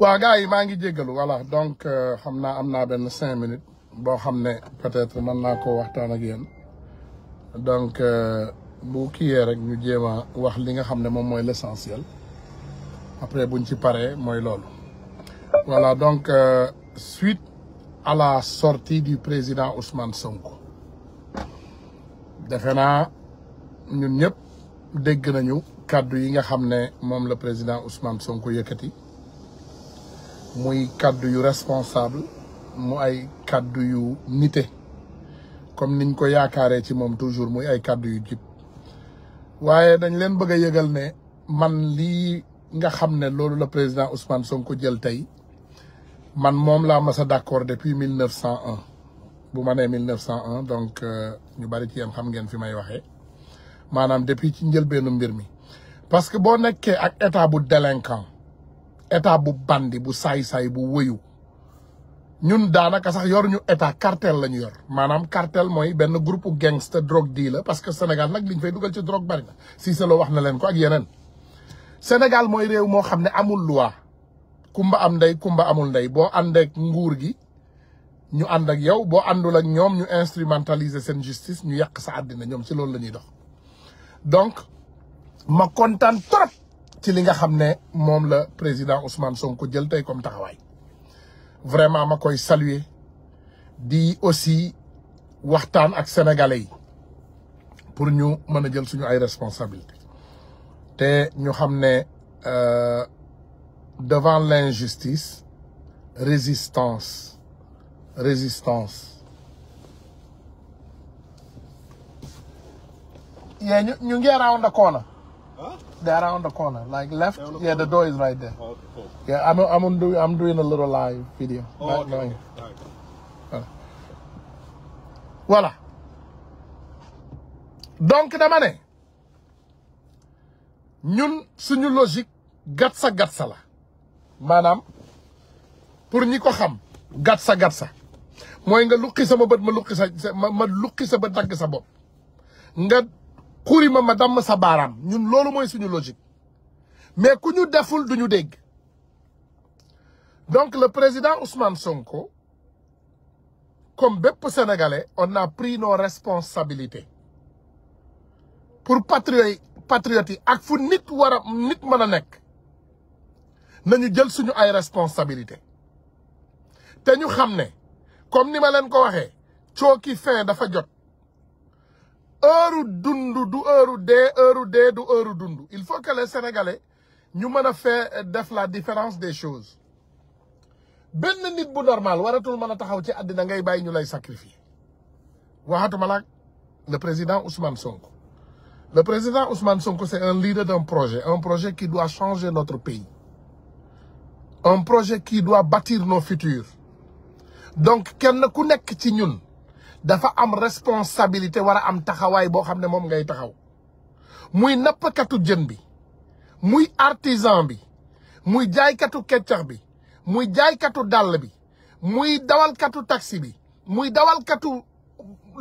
waaw gars yi maa ngi jéggalu voilà donc euh, xam naa am naa benn cinq minutes boo xam ne peut-être mën naa ko waxtaan ak yéen donc euh, bu kiiyee rek ñu jéem a wax li nga xam ne moom mooy l'essentiel après buñ ci paree mooy loolu voilà donc euh, suite à la sortie du président Ousmane Sonko defe naa ñun ñëpp dégg nañu kàddu yi nga xam ne moom la président Ousmane Sonko yëkkati muy kàddu yu responsable mu ay kàddu yu nite comme niñ ko yaakaaree ci moom toujours muy ay kàddu yu jub waaye dañ leen bëgg a yëgal ne man lii nga xam ne loolu la président Ousmane ko jël tey man moom laa mas a d'accord depuis mille neuf cent un bu manee nee mille cent un donc euh, ñu bari ci yéen xam ngeen fi may waxee maanaam depuis ci njëlbeenu mbir mi parce que boo nekkee ak état bu délinquant état bu bandi bu saay-saay bu wëyu ñun daanaka sax yor ñu état cartel la ñu yor maanaam cartel mooy benn groupe gangster drogue dii la parce que Sénégal nag liñ fay dugal ci drogue bari na si sa loo wax na leen ko ak yeneen Sénégal mooy réew moo xam ne amul loi kumba am ndey kumba amul ndey boo àndeek nguur gi ñu ànd ak yow boo àndul ak ñoom ñu instrumentaliser seen justice ñu yàq sa àddina ñoom ci loolu lañuy dox donc ma kontaan trop ci li nga xam ne moom la président Ousmane Sonko jël tey comme taxawaay vraiment ma koy saluer di aussi waxtaan ak sénégalais yi pour ñu mën a jël suñu ay responsabilité te ñu xam ne euh, devant l'injustice résistance résistance yee ñu ñu ngi round a koona They're around the corner, a little live video. Oh, donc dama ne ñun suñu logique gatsa gatsa la maanaam pour ñi ko xam gatsa gatsa mooy nga luqi sa ma bët ma ma luqi sa bët dagg sa bopp nga. xuri ma ma damm sa baaraam ñun loolu mooy suñu logique mais ku ñu deful du ñu dégg donc le président Ousmane Sonko comme bépp sénégalais on a pris nos responsabilités pour patriote patriote yi ak fu nit war a nit mën a nekk nañu jël suñu ay responsabilités te ñu xam ne comme ni ma leen ko waxee cooki fin dafa jot. heure dund du heure dee heure dee du heure dund il faut que les sénégalais ñu mën a fee eh, def la différence des choses benn nit bu normal waratul mën a taxaw ci àddina ngay bàyyi ñu lay sacrifier waxatuma laag le président Ousmane Sonko le président Ousmane Sonko c'est un leader d'un projet un projet qui doit changer notre pays un projet qui doit bâtir nos futurs donc kenn ku nekk ci ñun dafa am responsabilité war a am taxawaay boo xam ne moom ngay taxaw muy nappkatu jën bi muy artisan bi muy jaaykatu keccax bi muy jaaykatu dàll bi muy dawalkatu taxi bi muy dawalkatu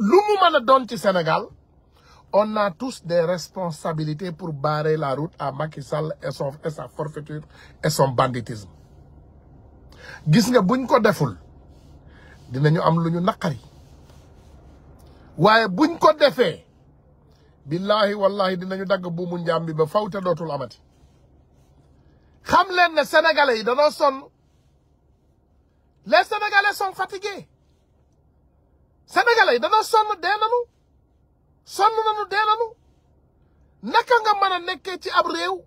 lu mu mën a doon ci Sénégal on a tous des responsabilités pour barrer la route à Macky Sall et son et sa forfaiture et son banditisme gis nga buñ ko deful dinañu am lu ñu naqari waaye buñ ko defee billahi wallahi dinañu dagg buumu njaam bi ba fawte dootul amati xam leen ne sénégalais yi danoo sonn les sénégalais sont fatigués sénégalais yi danoo sonn dee nanu sonn nanu dee nanu naka nga mën a nekkee ci ab réew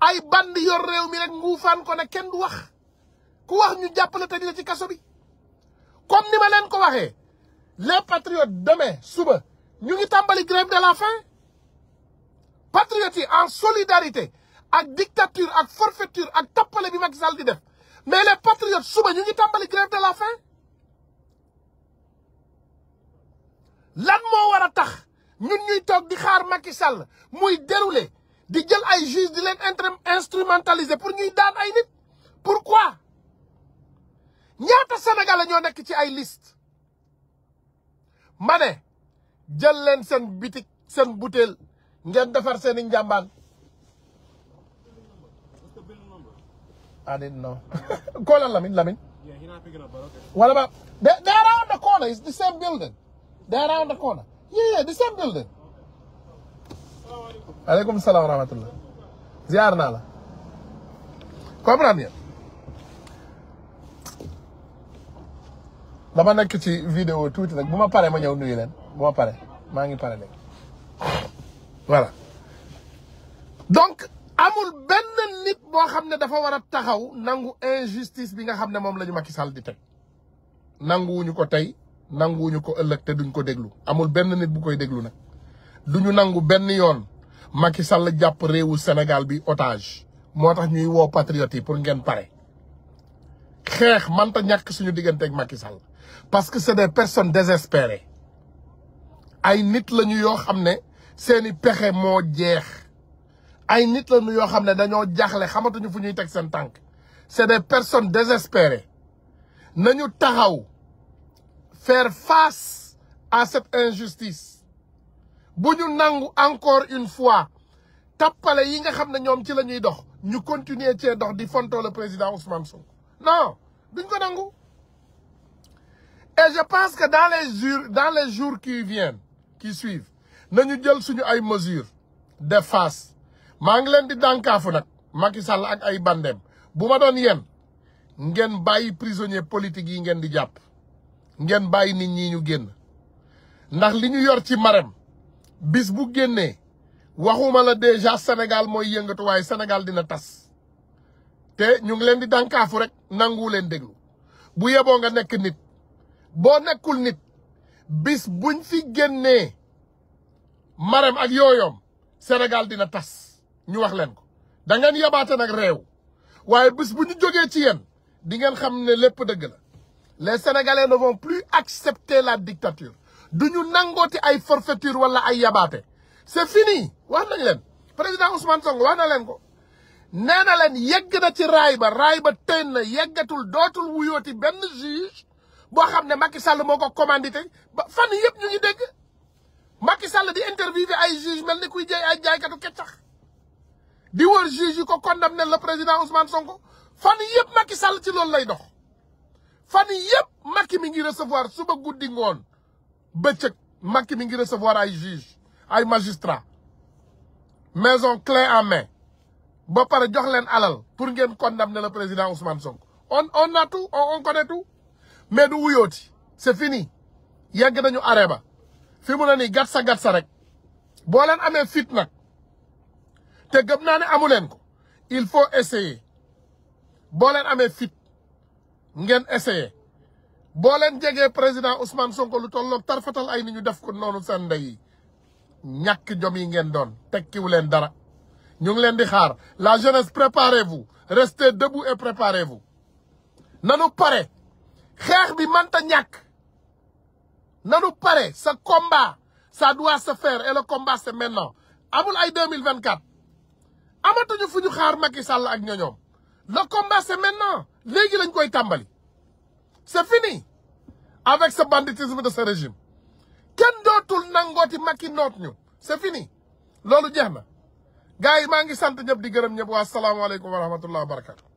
ay band yor réew mi rek nguufaan ko ne kenn du wax ku wax ñu jàppale tëj la ci kaso bi comme ni ma leen ko waxee les patriotes demain suba ñu ngi tàmbali grève de la faim patriotes yi en solidarité ak dictature ak forfaiture ak tappale bi Macky Sall di def mais les patriotes suba ñu ngi tàmbali grève de la faim lan moo war a tax ñun ñuy toog di xaar Macky Sall muy dérouler di jël ay juge di leen instrumentaliser pour ñuy daan ay nit pourquoi ñaata sénégalais ñoo nekk ci ay liste mane jal leen seen bitik seen butéel ngeen defar seen i njàmbaan I ah, didn't know. Call Lamin, Lamin. Yeah, he's not picking around the corner. It's the same building. They're around the corner. Yeah, yeah, the same building. Okay. Alaikum salam wa rahmatullah. Ziar nala. Comprends bien. dama nekk ci vidéo tuuti nag bu ma paree ma ñëw nuyu leen bu ma paree maa ngi pare léegi voilà donc amul benn nit boo xam ne dafa war a taxaw nangu injustice bi nga xam ne moom la ñu Macky Sall di teg nanguwuñu ko tey nanguwuñu ko ëllëg te duñ ko déglu amul benn nit bu koy déglu nag du ñu nangu benn yoon Macky Sall jàpp réewu Sénégal bi otage moo tax ñuy woo patriotes yi pour ngeen pare xeex manta ñàkk suñu digganteek Macky Sall parce que c'est des personnes désespérées ay nit la ñu yoo xam ne seeni pexe moo jeex ay nit la yoo xam ne dañoo jaaxle xamatuñu fu ñuy teg seen tànk c'est des personnes désespérées nañu taxaw faire face à cette injustice bu ñu nangu encore une fois tappale yi nga xam ne ñoom ci la ñuy dox ñu continuer cee dox di fontoo le président Ousmane Sonko non duñ ko nangu et je pense que dans les jours dans les jours qui viennent qui suivent nañu jël suñu ay mesures de face maa ngi leen di dànkaafu nag Macky Sall ak ay bandem bu ma doon yéen ngeen bàyyi prisonnier politique yi ngeen di jàpp ngeen bàyyi nit ñi ñu génn ndax li ñu yor ci marem bis bu génnee waxuma la déjà Sénégal mooy yëngatu waaye dina tas te ñu ngi leen di dànkaafu rek nangu leen déglu bu yeboo nga nekk nit boo nekkul nit bis buñ fi génnee marem ak yooyoom Sénégal dina tas ñu wax leen ko da ngeen yabaate nag réew waaye bis bu ñu jógee ci yéen di ngeen xam ne lépp dëgg la les Sénégalais ne vont plus accepter la dictature du ñu nangooti ay forfaiture wala ay yabaate c'est fini wax nañ leen président Ousmane Sonko wax na leen ko nee na leen yegg na ci raay ba raay ba na yeggatul dootul wuyooti benn juge boo xam ne Macky Sall moo ko commandité ba fan yëpp ñu ngi dégg Sall di interviewé ay juge mel ni kuy jaay ay jaaykatu keccax di wër juge yi ko condamné la président Ousmane Sonko fan yëpp Macky Sall ci loolu lay dox fan yëpp Macky mi ngi recevoir suba guddi ngoon bëccëg Macky mi ngi recevoir ay juge ay magistrat maison clé en main ba pare jox leen alal pour ngeen condamner le président Ousmane Sonko on on a on on connaît tout mais du wuyooti c'est fini yegg nañu arrêt ba fi mu ne nii gat sa gat rek boo leen amee fit nag te gëm naa ne amu leen ko il faut essayer boo leen amee fit ngeen essayer boo leen jegee président Ousmane Sonko lu tolloog tarfatal ay ni ñu def ko noonu seen ndey yi ñàkk jom yi ngeen doon tekkiwu leen dara ñu ngi leen di xaar la jeunesse préparez-vous restez debout e préparez-vous nanu pare xeex bi mënta ñàkk nanu pare sa combat ça doit se faire et le combat c'est amul ay deux mille vingt quatre amatuñu fu ñu xaar Macky Sall ak ñoñoom le combat c'est léegi lañ koy tàmbali c'est fini avec ce banditisme de ce régime kenn dootul nangooti Macky noot ñu c'est fini loolu jeex na gars yi maa ngi sant ñëpp di gërëm ñëpp waa salaamaaleykum wa rahmatullah wa barakatu